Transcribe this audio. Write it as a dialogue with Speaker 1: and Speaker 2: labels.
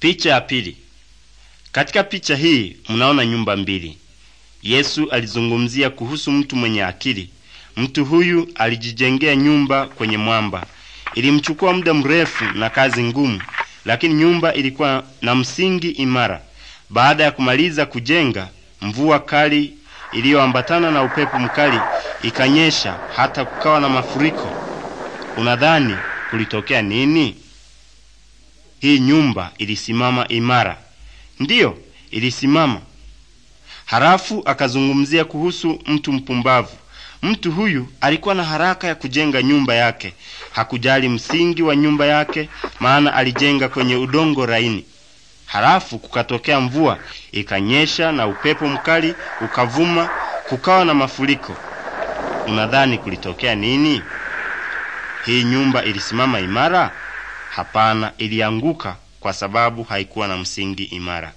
Speaker 1: Picha ya pili. Katika picha hii mnaona nyumba mbili. Yesu alizungumzia kuhusu mtu mwenye akili. Mtu huyu alijijengea nyumba kwenye mwamba. Ilimchukua muda mrefu na kazi ngumu, lakini nyumba ilikuwa na msingi imara. Baada ya kumaliza kujenga, mvua kali iliyoambatana na upepo mkali ikanyesha, hata kukawa na mafuriko. Unadhani kulitokea nini? hii nyumba ilisimama imara. Ndiyo, ilisimama. Halafu akazungumzia kuhusu mtu mpumbavu. Mtu huyu alikuwa na haraka ya kujenga nyumba yake. Hakujali msingi wa nyumba yake, maana alijenga kwenye udongo laini. Halafu kukatokea mvua, ikanyesha na upepo mkali ukavuma, kukawa na mafuriko. Unadhani kulitokea nini? Hii nyumba ilisimama imara? Hapana, ilianguka kwa sababu haikuwa na msingi imara.